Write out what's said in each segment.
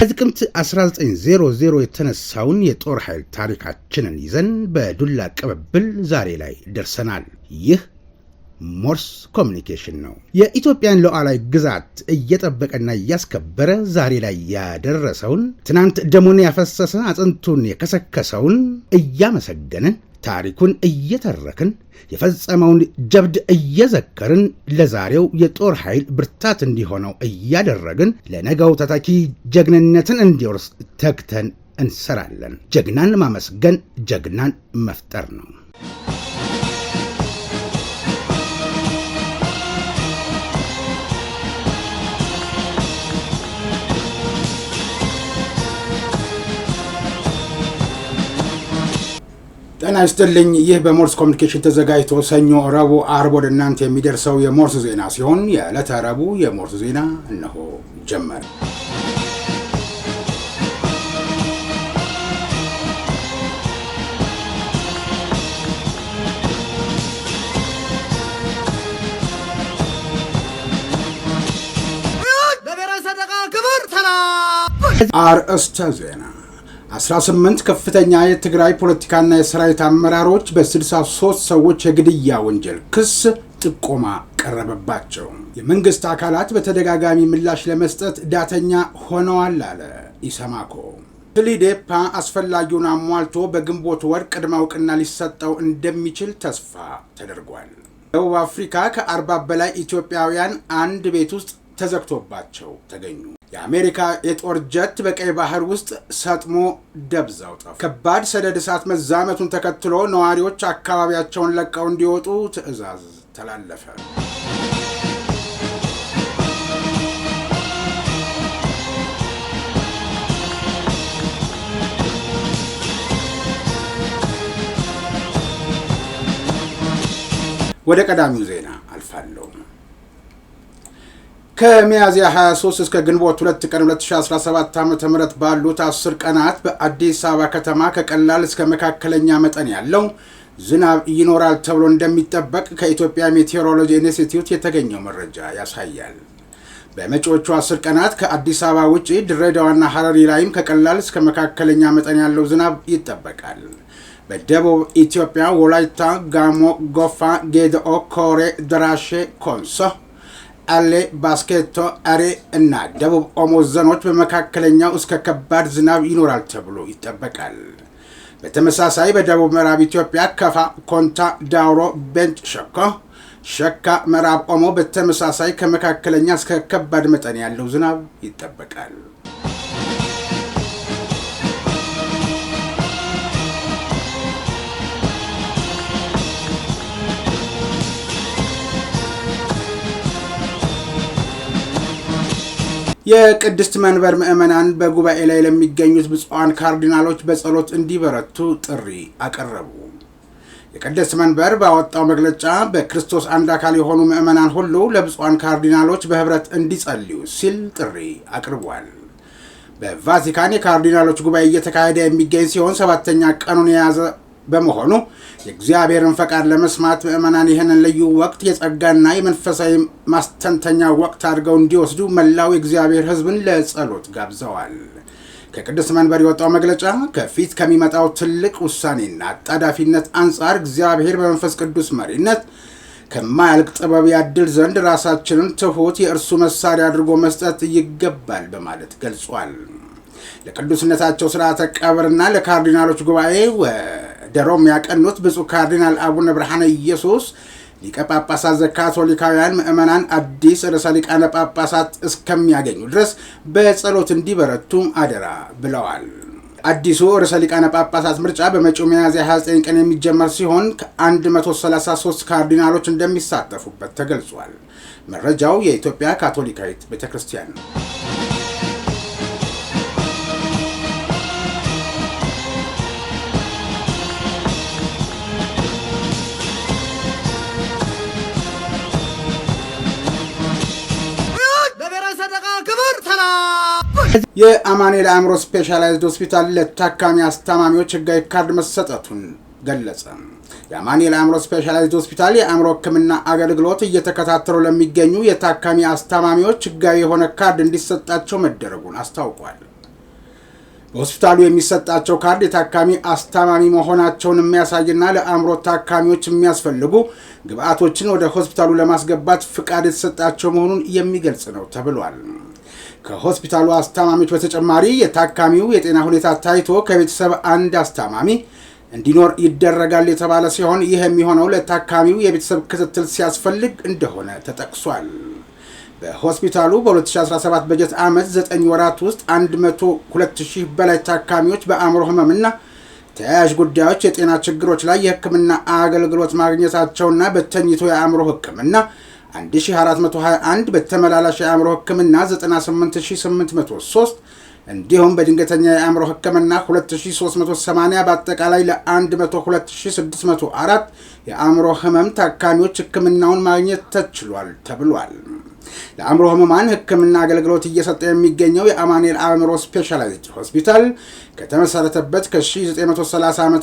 ከጥቅምት 1900 የተነሳውን የጦር ኃይል ታሪካችንን ይዘን በዱላ ቅብብል ዛሬ ላይ ደርሰናል። ይህ ሞርስ ኮሚኒኬሽን ነው። የኢትዮጵያን ሉዓላዊ ግዛት እየጠበቀና እያስከበረ ዛሬ ላይ ያደረሰውን ትናንት ደሙን ያፈሰሰ አጥንቱን የከሰከሰውን እያመሰገንን ታሪኩን እየተረክን የፈጸመውን ጀብድ እየዘከርን ለዛሬው የጦር ኃይል ብርታት እንዲሆነው እያደረግን ለነገው ተተኪ ጀግንነትን እንዲወርስ ተግተን እንሰራለን። ጀግናን ማመስገን ጀግናን መፍጠር ነው። ጤና ይስጥልኝ። ይህ በሞርስ ኮሚኒኬሽን ተዘጋጅቶ ሰኞ፣ ረቡዕ፣ አርብ ወደ እናንተ የሚደርሰው የሞርስ ዜና ሲሆን የዕለተ ረቡዕ የሞርስ ዜና እነሆ ጀመር። አርእስተ ዜና 18 ከፍተኛ የትግራይ ፖለቲካና የሰራዊት አመራሮች በ63 ሰዎች የግድያ ወንጀል ክስ ጥቆማ ቀረበባቸው። የመንግስት አካላት በተደጋጋሚ ምላሽ ለመስጠት ዳተኛ ሆነዋል አለ ኢሰማኮ። ትሊዴፓ አስፈላጊውን አሟልቶ በግንቦት ወር ቅድመ እውቅና ሊሰጠው እንደሚችል ተስፋ ተደርጓል። ደቡብ አፍሪካ ከ40 በላይ ኢትዮጵያውያን አንድ ቤት ውስጥ ተዘግቶባቸው ተገኙ። የአሜሪካ የጦር ጀት በቀይ ባህር ውስጥ ሰጥሞ ደብዛው ጠፉ። ከባድ ሰደድ እሳት መዛመቱን ተከትሎ ነዋሪዎች አካባቢያቸውን ለቀው እንዲወጡ ትዕዛዝ ተላለፈ። ወደ ቀዳሚው ዜና አልፋለሁ። ከሚያዝያ 23 እስከ ግንቦት 2 ቀን 2017 ዓ ም ባሉት 10 ቀናት በአዲስ አበባ ከተማ ከቀላል እስከ መካከለኛ መጠን ያለው ዝናብ ይኖራል ተብሎ እንደሚጠበቅ ከኢትዮጵያ ሜቴሮሎጂ ኢንስቲትዩት የተገኘው መረጃ ያሳያል። በመጪዎቹ አስር ቀናት ከአዲስ አበባ ውጪ ድሬዳዋና ሐረሪ ላይም ከቀላል እስከ መካከለኛ መጠን ያለው ዝናብ ይጠበቃል። በደቡብ ኢትዮጵያ ወላይታ፣ ጋሞ፣ ጎፋ፣ ጌድኦ፣ ኮሬ፣ ደራሼ፣ ኮንሶ አሌ ባስኬቶ፣ አሬ እና ደቡብ ኦሞ ዞኖች በመካከለኛው እስከ ከባድ ዝናብ ይኖራል ተብሎ ይጠበቃል። በተመሳሳይ በደቡብ ምዕራብ ኢትዮጵያ ከፋ፣ ኮንታ፣ ዳውሮ፣ ቤንች ሸኮ፣ ሸካ፣ ምዕራብ ኦሞ በተመሳሳይ ከመካከለኛ እስከ ከባድ መጠን ያለው ዝናብ ይጠበቃል። የቅድስት መንበር ምዕመናን በጉባኤ ላይ ለሚገኙት ብፁዓን ካርዲናሎች በጸሎት እንዲበረቱ ጥሪ አቀረቡ። የቅድስት መንበር ባወጣው መግለጫ በክርስቶስ አንድ አካል የሆኑ ምዕመናን ሁሉ ለብፁዓን ካርዲናሎች በህብረት እንዲጸልዩ ሲል ጥሪ አቅርቧል። በቫቲካን የካርዲናሎች ጉባኤ እየተካሄደ የሚገኝ ሲሆን ሰባተኛ ቀኑን የያዘ በመሆኑ የእግዚአብሔርን ፈቃድ ለመስማት ምእመናን ይህንን ልዩ ወቅት የጸጋና የመንፈሳዊ ማስተንተኛ ወቅት አድርገው እንዲወስዱ መላው የእግዚአብሔር ሕዝብን ለጸሎት ጋብዘዋል። ከቅዱስ መንበር የወጣው መግለጫ ከፊት ከሚመጣው ትልቅ ውሳኔና አጣዳፊነት አንጻር እግዚአብሔር በመንፈስ ቅዱስ መሪነት ከማያልቅ ጥበብ ያድል ዘንድ ራሳችንን ትሑት የእርሱ መሳሪያ አድርጎ መስጠት ይገባል በማለት ገልጿል። ለቅዱስነታቸው ስርዓተ ቀብርና ለካርዲናሎች ጉባኤ ወደ ሮም ያቀኑት ብፁዕ ካርዲናል አቡነ ብርሃነ ኢየሱስ ሊቀ ጳጳሳት ዘካቶሊካውያን ምዕመናን አዲስ ርዕሰ ሊቃነ ጳጳሳት እስከሚያገኙ ድረስ በጸሎት እንዲበረቱ አደራ ብለዋል። አዲሱ ርዕሰ ሊቃነ ጳጳሳት ምርጫ በመጪው ሚያዝያ 29 ቀን የሚጀመር ሲሆን ከ133 ካርዲናሎች እንደሚሳተፉበት ተገልጿል። መረጃው የኢትዮጵያ ካቶሊካዊት ቤተ ክርስቲያን ነው። ሰርተናል። የአማኑኤል አእምሮ ስፔሻላይዝድ ሆስፒታል ለታካሚ አስታማሚዎች ህጋዊ ካርድ መሰጠቱን ገለጸ። የአማኑኤል አእምሮ ስፔሻላይዝድ ሆስፒታል የአእምሮ ህክምና አገልግሎት እየተከታተሉ ለሚገኙ የታካሚ አስታማሚዎች ህጋዊ የሆነ ካርድ እንዲሰጣቸው መደረጉን አስታውቋል። በሆስፒታሉ የሚሰጣቸው ካርድ የታካሚ አስታማሚ መሆናቸውን የሚያሳይና ለአእምሮ ታካሚዎች የሚያስፈልጉ ግብአቶችን ወደ ሆስፒታሉ ለማስገባት ፍቃድ የተሰጣቸው መሆኑን የሚገልጽ ነው ተብሏል። ከሆስፒታሉ አስታማሚዎች በተጨማሪ የታካሚው የጤና ሁኔታ ታይቶ ከቤተሰብ አንድ አስታማሚ እንዲኖር ይደረጋል የተባለ ሲሆን ይህ የሚሆነው ለታካሚው የቤተሰብ ክትትል ሲያስፈልግ እንደሆነ ተጠቅሷል። በሆስፒታሉ በ2017 በጀት ዓመት 9 ወራት ውስጥ 102000 በላይ ታካሚዎች በአእምሮ ህመምና ተያያዥ ጉዳዮች የጤና ችግሮች ላይ የህክምና አገልግሎት ማግኘታቸውና በተኝቶ የአእምሮ ህክምና። 1421 በተመላላሽ የአእምሮ ህክምና 98803 እንዲሁም በድንገተኛ የአእምሮ ህክምና 2380 በአጠቃላይ ለ102604 የአእምሮ ህመም ታካሚዎች ህክምናውን ማግኘት ተችሏል ተብሏል። ለአእምሮ ህመማን ህክምና አገልግሎት እየሰጠ የሚገኘው የአማኑኤል አእምሮ ስፔሻላይዝድ ሆስፒታል ከተመሰረተበት ከ1930 ዓ ም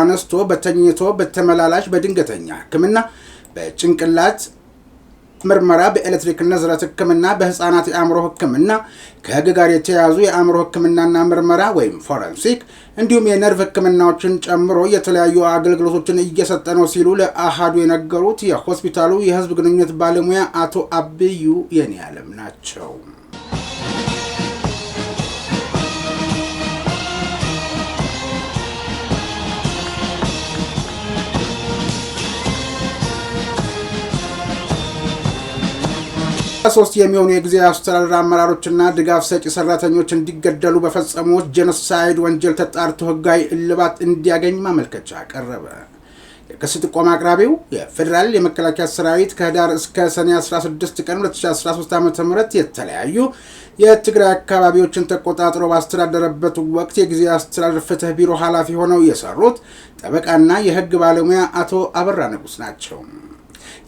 አነስቶ በተኝቶ በተመላላሽ በድንገተኛ ህክምና በጭንቅላት ምርመራ፣ በኤሌክትሪክ ንዝረት ህክምና፣ በህፃናት የአእምሮ ህክምና ከህግ ጋር የተያያዙ የአእምሮ ህክምናና ምርመራ ወይም ፎረንሲክ እንዲሁም የነርቭ ህክምናዎችን ጨምሮ የተለያዩ አገልግሎቶችን እየሰጠ ነው ሲሉ ለአሃዱ የነገሩት የሆስፒታሉ የህዝብ ግንኙነት ባለሙያ አቶ አብዩ የኔ አለም ናቸው። ሶስት የሚሆኑ የጊዜ አስተዳደር አመራሮችና ድጋፍ ሰጪ ሰራተኞች እንዲገደሉ በፈጸሙት ጄኖሳይድ ወንጀል ተጣርቶ ህጋዊ እልባት እንዲያገኝ ማመልከቻ ቀረበ። የክስ ጥቆማ አቅራቢው የፌዴራል የመከላከያ ሰራዊት ከህዳር እስከ ሰኔ 16 ቀን 2013 ዓ ም የተለያዩ የትግራይ አካባቢዎችን ተቆጣጥሮ ባስተዳደረበት ወቅት የጊዜ አስተዳደር ፍትህ ቢሮ ኃላፊ ሆነው የሰሩት ጠበቃና የህግ ባለሙያ አቶ አበራ ንጉስ ናቸው።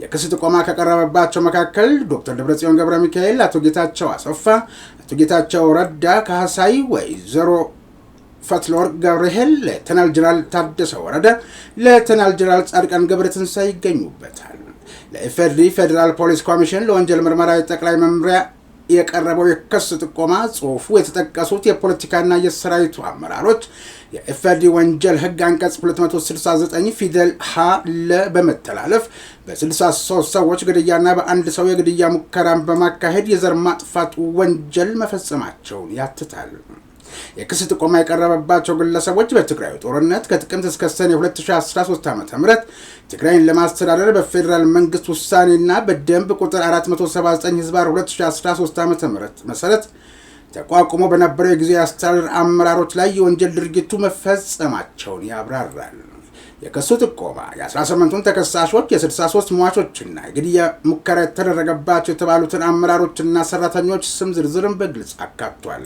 የክስ ጥቆማ ከቀረበባቸው መካከል ዶክተር ደብረጽዮን ገብረ ሚካኤል፣ አቶ ጌታቸው አሰፋ፣ አቶ ጌታቸው ረዳ ካህሳይ፣ ወይዘሮ ፈትለወርቅ ገብርሄል፣ ሌተናል ጀነራል ታደሰ ወረደ፣ ሌተናል ጀነራል ጻድቃን ገብረ ትንሳኤ ይገኙበታል። ለኢፌድሪ ፌዴራል ፖሊስ ኮሚሽን ለወንጀል ምርመራ ጠቅላይ መምሪያ የቀረበው የክስ ጥቆማ ጽሁፉ የተጠቀሱት የፖለቲካና የሰራዊቱ አመራሮች የኢፌዴሪ ወንጀል ህግ አንቀጽ 269 ፊደል ሀ ለ በመተላለፍ በ63 ሰዎች ግድያና በአንድ ሰው የግድያ ሙከራን በማካሄድ የዘር ማጥፋት ወንጀል መፈጸማቸውን ያትታል። የክስ ጥቆማ የቀረበባቸው ግለሰቦች በትግራዩ ጦርነት ከጥቅምት እስከ ሰኔ 2013 ዓ ም ትግራይን ለማስተዳደር በፌዴራል መንግስት ውሳኔና በደንብ ቁጥር 479 ህዝባር 2013 ዓ ም መሰረት ተቋቁሞ በነበረው የጊዜ አስተዳደር አመራሮች ላይ የወንጀል ድርጊቱ መፈጸማቸውን ያብራራል። የክሱ ጥቆማ የ18ቱን ተከሳሾች የ63 ሟቾችና የግድያ ሙከራ የተደረገባቸው የተባሉትን አመራሮችና ሰራተኞች ስም ዝርዝርን በግልጽ አካቷል።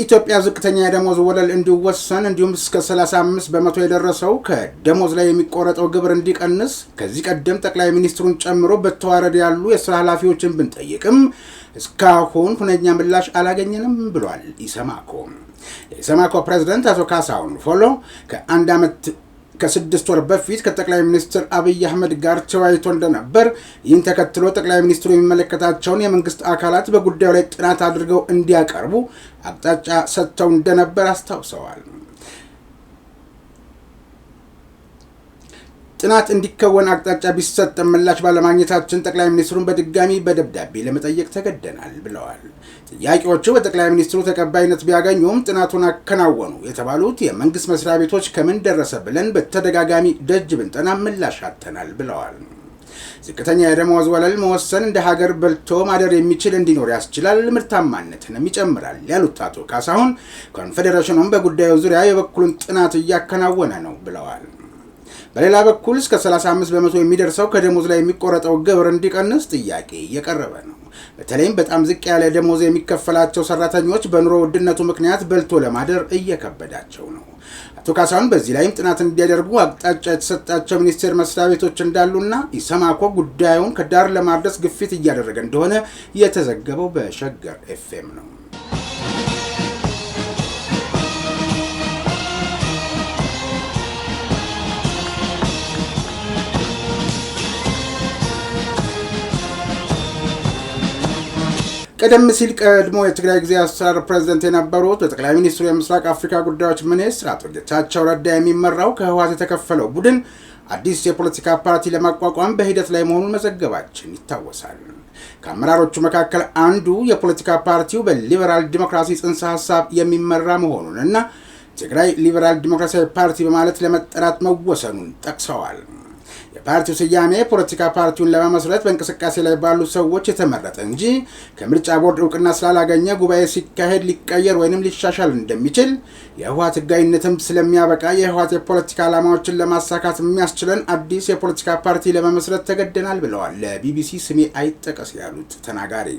በኢትዮጵያ ዝቅተኛ የደሞዝ ወለል እንዲወሰን እንዲሁም እስከ 35 በመቶ የደረሰው ከደሞዝ ላይ የሚቆረጠው ግብር እንዲቀንስ ከዚህ ቀደም ጠቅላይ ሚኒስትሩን ጨምሮ በተዋረድ ያሉ የስራ ኃላፊዎችን ብንጠይቅም እስካሁን ሁነኛ ምላሽ አላገኘንም ብሏል ኢሰማኮ። የኢሰማኮ ፕሬዚደንት አቶ ካሳሁን ፎሎ ከአንድ ዓመት ከስድስት ወር በፊት ከጠቅላይ ሚኒስትር አብይ አህመድ ጋር ተወያይቶ እንደነበር ይህን ተከትሎ ጠቅላይ ሚኒስትሩ የሚመለከታቸውን የመንግስት አካላት በጉዳዩ ላይ ጥናት አድርገው እንዲያቀርቡ አቅጣጫ ሰጥተው እንደነበር አስታውሰዋል። ጥናት እንዲከወን አቅጣጫ ቢሰጥ ምላሽ ባለማግኘታችን ጠቅላይ ሚኒስትሩን በድጋሚ በደብዳቤ ለመጠየቅ ተገደናል ብለዋል። ጥያቄዎቹ በጠቅላይ ሚኒስትሩ ተቀባይነት ቢያገኙም ጥናቱን አከናወኑ የተባሉት የመንግስት መስሪያ ቤቶች ከምን ደረሰ ብለን በተደጋጋሚ ደጅ ብንጠና ምላሽ አጥተናል ብለዋል። ዝቅተኛ የደመወዝ ወለል መወሰን እንደ ሀገር በልቶ ማደር የሚችል እንዲኖር ያስችላል፣ ምርታማነትንም ይጨምራል ያሉት አቶ ካሳሁን ኮንፌዴሬሽኑም በጉዳዩ ዙሪያ የበኩሉን ጥናት እያከናወነ ነው ብለዋል። በሌላ በኩል እስከ 35 በመቶ የሚደርሰው ከደሞዝ ላይ የሚቆረጠው ግብር እንዲቀንስ ጥያቄ እየቀረበ ነው። በተለይም በጣም ዝቅ ያለ ደሞዝ የሚከፈላቸው ሰራተኞች በኑሮ ውድነቱ ምክንያት በልቶ ለማደር እየከበዳቸው ነው። አቶ ካሳሁን በዚህ ላይም ጥናት እንዲያደርጉ አቅጣጫ የተሰጣቸው ሚኒስቴር መስሪያ ቤቶች እንዳሉና ኢሰማኮ ጉዳዩን ከዳር ለማድረስ ግፊት እያደረገ እንደሆነ የተዘገበው በሸገር ኤፍኤም ነው። ቀደም ሲል ቀድሞ የትግራይ ጊዜ አስተዳደር ፕሬዝደንት የነበሩት በጠቅላይ ሚኒስትሩ የምስራቅ አፍሪካ ጉዳዮች ሚኒስትር አቶ ጌታቸው ረዳ የሚመራው ከህወሓት የተከፈለው ቡድን አዲስ የፖለቲካ ፓርቲ ለማቋቋም በሂደት ላይ መሆኑን መዘገባችን ይታወሳል። ከአመራሮቹ መካከል አንዱ የፖለቲካ ፓርቲው በሊበራል ዲሞክራሲ ጽንሰ ሀሳብ የሚመራ መሆኑን እና ትግራይ ሊበራል ዲሞክራሲያዊ ፓርቲ በማለት ለመጠራት መወሰኑን ጠቅሰዋል። የፓርቲው ስያሜ ፖለቲካ ፓርቲውን ለመመስረት በእንቅስቃሴ ላይ ባሉ ሰዎች የተመረጠ እንጂ ከምርጫ ቦርድ እውቅና ስላላገኘ ጉባኤ ሲካሄድ ሊቀየር ወይንም ሊሻሻል እንደሚችል የህወሀት ህጋዊነትም ስለሚያበቃ የህወሀት የፖለቲካ ዓላማዎችን ለማሳካት የሚያስችለን አዲስ የፖለቲካ ፓርቲ ለመመስረት ተገደናል ብለዋል ለቢቢሲ ስሜ አይጠቀስ ያሉት ተናጋሪ።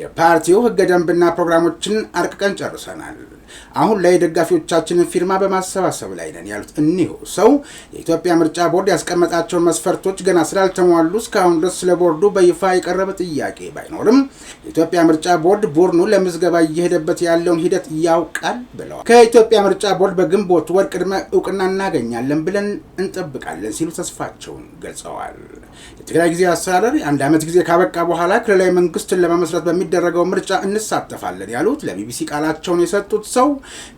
የፓርቲው ህገ ደንብና ፕሮግራሞችን አርቅቀን ጨርሰናል። አሁን ላይ ደጋፊዎቻችንን ፊርማ በማሰባሰብ ላይ ነን ያሉት እኒሁ ሰው የኢትዮጵያ ምርጫ ቦርድ ያስቀመጣቸውን መስፈርቶች ገና ስላልተሟሉ እስካሁን ድረስ ስለ ቦርዱ በይፋ የቀረበ ጥያቄ ባይኖርም የኢትዮጵያ ምርጫ ቦርድ ቡድኑ ለምዝገባ እየሄደበት ያለውን ሂደት ያውቃል ብለዋል። ከኢትዮጵያ ምርጫ ቦርድ በግንቦት ወር ቅድመ እውቅና እናገኛለን ብለን እንጠብቃለን ሲሉ ተስፋቸውን ገልጸዋል። የትግራይ ጊዜ አስተዳደር አንድ ዓመት ጊዜ ካበቃ በኋላ ክልላዊ መንግስትን ለመመስረት በሚ በሚደረገው ምርጫ እንሳተፋለን ያሉት ለቢቢሲ ቃላቸውን የሰጡት ሰው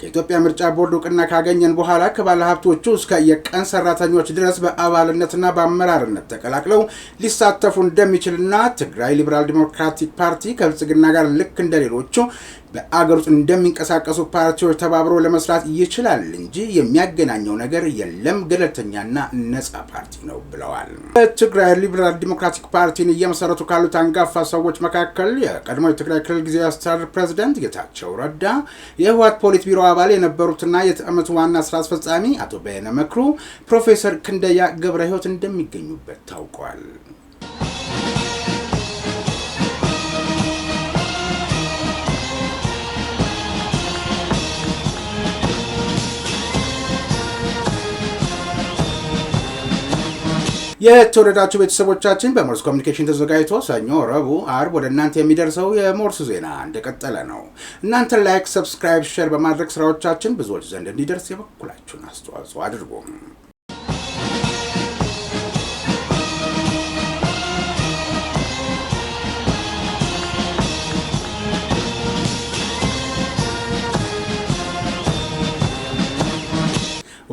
ከኢትዮጵያ ምርጫ ቦርድ እውቅና ካገኘን በኋላ ከባለ ሀብቶቹ እስከ የቀን ሰራተኞች ድረስ በአባልነትና በአመራርነት ተቀላቅለው ሊሳተፉ እንደሚችልና ትግራይ ሊበራል ዲሞክራቲክ ፓርቲ ከብልጽግና ጋር ልክ እንደሌሎቹ በአገር ውስጥ እንደሚንቀሳቀሱ ፓርቲዎች ተባብሮ ለመስራት ይችላል እንጂ የሚያገናኘው ነገር የለም፣ ገለልተኛና ነጻ ፓርቲ ነው ብለዋል። በትግራይ ሊበራል ዲሞክራቲክ ፓርቲን እየመሰረቱ ካሉት አንጋፋ ሰዎች መካከል የቀድሞ የትግራይ ክልል ጊዜያዊ አስተዳደር ፕሬዚደንት ጌታቸው ረዳ፣ የህወሓት ፖሊት ቢሮ አባል የነበሩትና የጥምቱ ዋና ስራ አስፈጻሚ አቶ በየነ መክሩ፣ ፕሮፌሰር ክንደያ ገብረ ህይወት እንደሚገኙበት ታውቋል። የተወደዳችሁ ቤተሰቦቻችን በሞርስ ኮሚኒኬሽን ተዘጋጅቶ ሰኞ፣ ረቡዕ፣ አርብ ወደ እናንተ የሚደርሰው የሞርስ ዜና እንደቀጠለ ነው። እናንተ ላይክ፣ ሰብስክራይብ፣ ሼር በማድረግ ስራዎቻችን ብዙዎች ዘንድ እንዲደርስ የበኩላችሁን አስተዋጽኦ አድርጉም።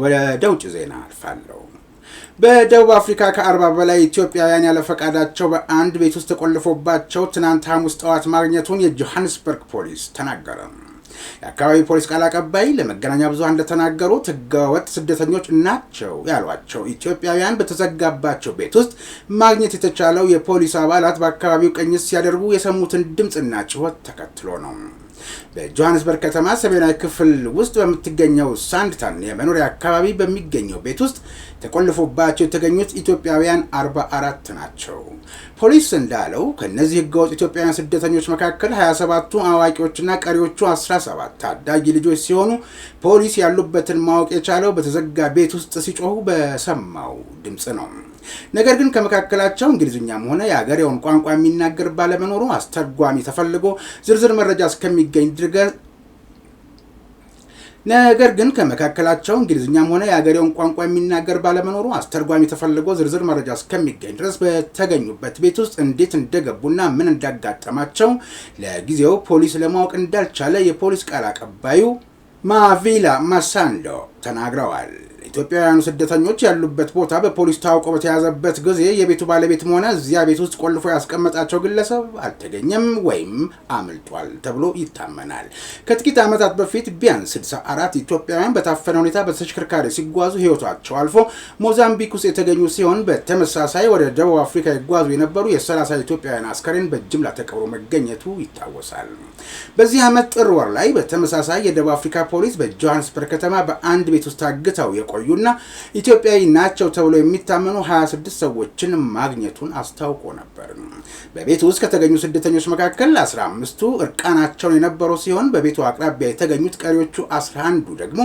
ወደ ውጭ ዜና አልፋለሁ። በደቡብ አፍሪካ ከአርባ በላይ ኢትዮጵያውያን ያለፈቃዳቸው በአንድ ቤት ውስጥ ተቆልፎባቸው ትናንት ሐሙስ ጠዋት ማግኘቱን የጆሃንስበርግ ፖሊስ ተናገረ። የአካባቢው ፖሊስ ቃል አቀባይ ለመገናኛ ብዙኃን እንደተናገሩት ህገወጥ ስደተኞች ናቸው ያሏቸው ኢትዮጵያውያን በተዘጋባቸው ቤት ውስጥ ማግኘት የተቻለው የፖሊስ አባላት በአካባቢው ቅኝት ሲያደርጉ የሰሙትን ድምፅና ጩኸት ተከትሎ ነው። በጆሃንስበርግ ከተማ ሰሜናዊ ክፍል ውስጥ በምትገኘው ሳንድታን የመኖሪያ አካባቢ በሚገኘው ቤት ውስጥ ተቆልፎባቸው የተገኙት ኢትዮጵያውያን 44 ናቸው። ፖሊስ እንዳለው ከእነዚህ ህገወጥ ኢትዮጵያውያን ስደተኞች መካከል 27ቱ አዋቂዎችና ቀሪዎቹ 17 ታዳጊ ልጆች ሲሆኑ ፖሊስ ያሉበትን ማወቅ የቻለው በተዘጋ ቤት ውስጥ ሲጮሁ በሰማው ድምፅ ነው። ነገር ግን ከመካከላቸው እንግሊዝኛም ሆነ የአገሬውን ቋንቋ የሚናገር ባለመኖሩ አስተርጓሚ ተፈልጎ ዝርዝር መረጃ እስከሚገኝ ድረስ ነገር ግን ከመካከላቸው እንግሊዝኛም ሆነ የአገሬውን ቋንቋ የሚናገር ባለመኖሩ አስተርጓሚ ተፈልጎ ዝርዝር መረጃ እስከሚገኝ ድረስ በተገኙበት ቤት ውስጥ እንዴት እንደገቡና ምን እንዳጋጠማቸው ለጊዜው ፖሊስ ለማወቅ እንዳልቻለ የፖሊስ ቃል አቀባዩ ማቪላ ማሳንዶ ተናግረዋል። ኢትዮጵያውያኑ ስደተኞች ያሉበት ቦታ በፖሊስ ታውቆ በተያዘበት ጊዜ የቤቱ ባለቤትም ሆነ እዚያ ቤት ውስጥ ቆልፎ ያስቀመጣቸው ግለሰብ አልተገኘም ወይም አምልጧል ተብሎ ይታመናል። ከጥቂት ዓመታት በፊት ቢያንስ 64 ኢትዮጵያውያን በታፈነ ሁኔታ በተሽከርካሪ ሲጓዙ ሕይወታቸው አልፎ ሞዛምቢክ ውስጥ የተገኙ ሲሆን በተመሳሳይ ወደ ደቡብ አፍሪካ ይጓዙ የነበሩ የ30 ኢትዮጵያውያን አስከሬን በጅምላ ተቀብሮ መገኘቱ ይታወሳል። በዚህ ዓመት ጥር ወር ላይ በተመሳሳይ የደቡብ አፍሪካ ፖሊስ በጆሃንስበርግ ከተማ በአንድ ቤት ውስጥ ታግተው የቆዩ የቆዩና ኢትዮጵያዊ ናቸው ተብሎ የሚታመኑ 26 ሰዎችን ማግኘቱን አስታውቆ ነበር። በቤት ውስጥ ከተገኙ ስደተኞች መካከል 15ቱ እርቃናቸውን የነበሩ ሲሆን በቤቱ አቅራቢያ የተገኙት ቀሪዎቹ 11ዱ ደግሞ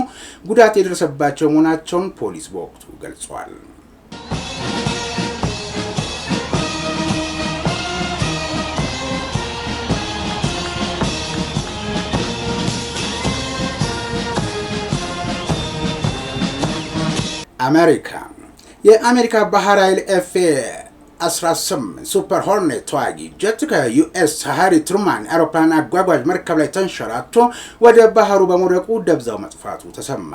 ጉዳት የደረሰባቸው መሆናቸውን ፖሊስ በወቅቱ ገልጿል። አሜሪካ የአሜሪካ ባህር ኃይል ኤፍ 18 ሱፐር ሆርኔት ተዋጊ ጀት ከዩኤስ ሃሪ ትሩማን አውሮፕላን አጓጓዥ መርከብ ላይ ተንሸራቶ ወደ ባህሩ በመውደቁ ደብዛው መጥፋቱ ተሰማ።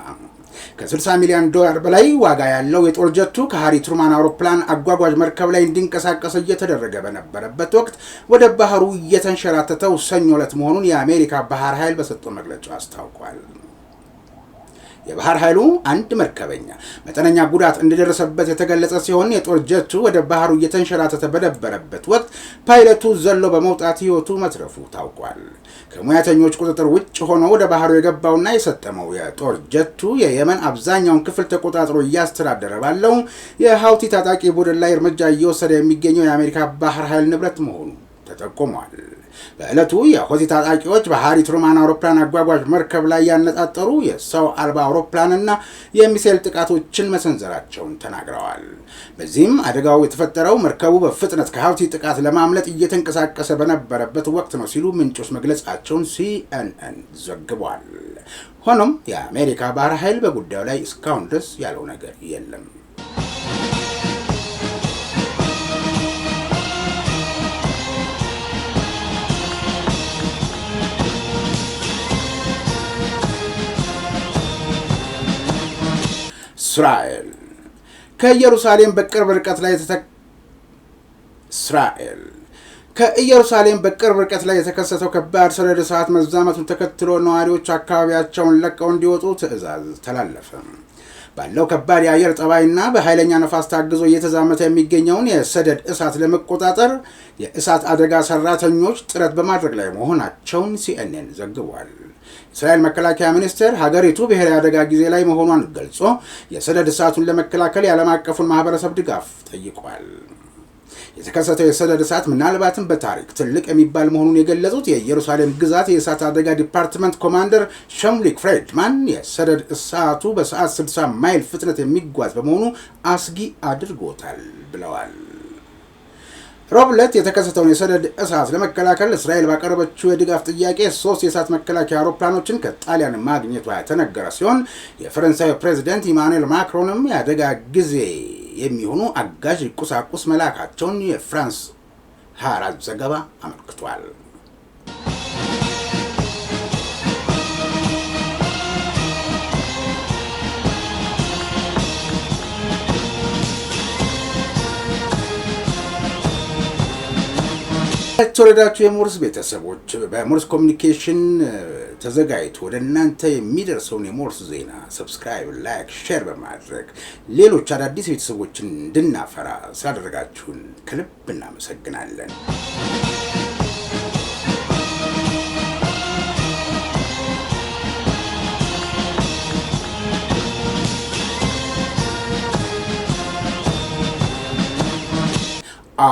ከ60 ሚሊዮን ዶላር በላይ ዋጋ ያለው የጦር ጀቱ ከሃሪ ትሩማን አውሮፕላን አጓጓዥ መርከብ ላይ እንዲንቀሳቀስ እየተደረገ በነበረበት ወቅት ወደ ባህሩ እየተንሸራተተው ሰኞ ዕለት መሆኑን የአሜሪካ ባህር ኃይል በሰጠው መግለጫ አስታውቋል። የባህር ኃይሉ አንድ መርከበኛ መጠነኛ ጉዳት እንደደረሰበት የተገለጸ ሲሆን የጦር ጀቱ ወደ ባህሩ እየተንሸራተተ በነበረበት ወቅት ፓይለቱ ዘሎ በመውጣት ሕይወቱ መትረፉ ታውቋል። ከሙያተኞች ቁጥጥር ውጭ ሆኖ ወደ ባህሩ የገባውና የሰጠመው የጦር ጀቱ የየመን አብዛኛውን ክፍል ተቆጣጥሮ እያስተዳደረ ባለው የሀውቲ ታጣቂ ቡድን ላይ እርምጃ እየወሰደ የሚገኘው የአሜሪካ ባህር ኃይል ንብረት መሆኑ ተጠቁሟል። በዕለቱ የሆቲ ታጣቂዎች በሃሪ ትሩማን አውሮፕላን አጓጓዥ መርከብ ላይ ያነጣጠሩ የሰው አልባ አውሮፕላንና የሚሳኤል ጥቃቶችን መሰንዘራቸውን ተናግረዋል። በዚህም አደጋው የተፈጠረው መርከቡ በፍጥነት ከሀውቲ ጥቃት ለማምለጥ እየተንቀሳቀሰ በነበረበት ወቅት ነው ሲሉ ምንጮች መግለጻቸውን ሲኤንኤን ዘግቧል። ሆኖም የአሜሪካ ባህር ኃይል በጉዳዩ ላይ እስካሁን ድረስ ያለው ነገር የለም። እስራኤል ከኢየሩሳሌም በቅርብ ርቀት ላይ እስራኤል ከኢየሩሳሌም በቅርብ ርቀት ላይ የተከሰተው ከባድ ሰደድ እሳት መዛመቱን ተከትሎ ነዋሪዎች አካባቢያቸውን ለቀው እንዲወጡ ትዕዛዝ ተላለፈ። ባለው ከባድ የአየር ጠባይና በኃይለኛ ነፋስ ታግዞ እየተዛመተ የሚገኘውን የሰደድ እሳት ለመቆጣጠር የእሳት አደጋ ሰራተኞች ጥረት በማድረግ ላይ መሆናቸውን ሲኤንኤን ዘግቧል። የእስራኤል መከላከያ ሚኒስቴር ሀገሪቱ ብሔራዊ አደጋ ጊዜ ላይ መሆኗን ገልጾ የሰደድ እሳቱን ለመከላከል የዓለም አቀፉን ማህበረሰብ ድጋፍ ጠይቋል። የተከሰተው የሰደድ እሳት ምናልባትም በታሪክ ትልቅ የሚባል መሆኑን የገለጹት የኢየሩሳሌም ግዛት የእሳት አደጋ ዲፓርትመንት ኮማንደር ሸምሊክ ፍሬድማን የሰደድ እሳቱ በሰዓት 60 ማይል ፍጥነት የሚጓዝ በመሆኑ አስጊ አድርጎታል ብለዋል። ረቡዕ ዕለት የተከሰተውን የሰደድ እሳት ለመከላከል እስራኤል ባቀረበችው የድጋፍ ጥያቄ ሶስት የእሳት መከላከያ አውሮፕላኖችን ከጣሊያን ማግኘቷ የተነገረ ሲሆን የፈረንሳዊ ፕሬዚደንት ኢማኑኤል ማክሮንም የአደጋ ጊዜ የሚሆኑ አጋዥ ቁሳቁስ መላካቸውን የፍራንስ ሀራጅ ዘገባ አመልክቷል። ጌታቸው ረዳችሁ የሞርስ ቤተሰቦች በሞርስ ኮሚኒኬሽን ተዘጋጅቶ ወደ እናንተ የሚደርሰውን የሞርስ ዜና ሰብስክራይብ፣ ላይክ፣ ሼር በማድረግ ሌሎች አዳዲስ ቤተሰቦችን እንድናፈራ ስላደረጋችሁን ከልብ እናመሰግናለን።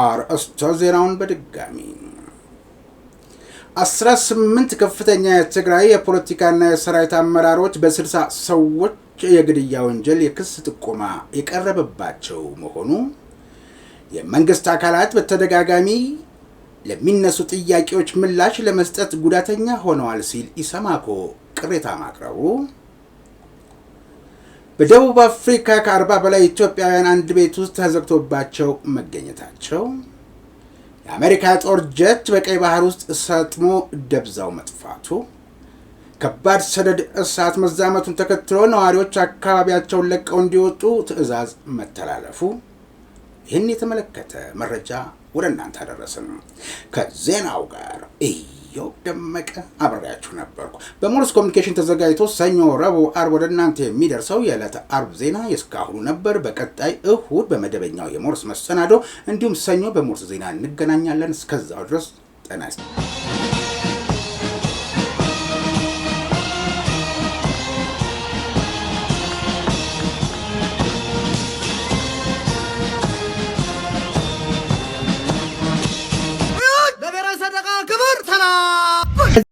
አርእስተ ዜናውን በድጋሚ አስራ ስምንት ከፍተኛ የትግራይ የፖለቲካና የሰራዊት አመራሮች በስልሳ ሰዎች የግድያ ወንጀል የክስ ጥቆማ የቀረበባቸው መሆኑ የመንግስት አካላት በተደጋጋሚ ለሚነሱ ጥያቄዎች ምላሽ ለመስጠት ጉዳተኛ ሆነዋል ሲል ኢሰማኮ ቅሬታ ማቅረቡ፣ በደቡብ አፍሪካ ከአርባ በላይ ኢትዮጵያውያን አንድ ቤት ውስጥ ተዘግቶባቸው መገኘታቸው የአሜሪካ ጦር ጀት በቀይ ባህር ውስጥ ሰጥሞ ደብዛው መጥፋቱ፣ ከባድ ሰደድ እሳት መዛመቱን ተከትሎ ነዋሪዎች አካባቢያቸውን ለቀው እንዲወጡ ትዕዛዝ መተላለፉ ይህን የተመለከተ መረጃ ወደ እናንተ አደረስን። ከዜናው ጋር አለማየሁ ደመቀ አብሬያችሁ ነበርኩ። በሞርስ ኮሚኒኬሽን ተዘጋጅቶ ሰኞ፣ ረቡዕ፣ አርብ ወደ እናንተ የሚደርሰው የዕለተ አርብ ዜና የእስካሁኑ ነበር። በቀጣይ እሁድ በመደበኛው የሞርስ መሰናዶ እንዲሁም ሰኞ በሞርስ ዜና እንገናኛለን። እስከዛው ድረስ ጤና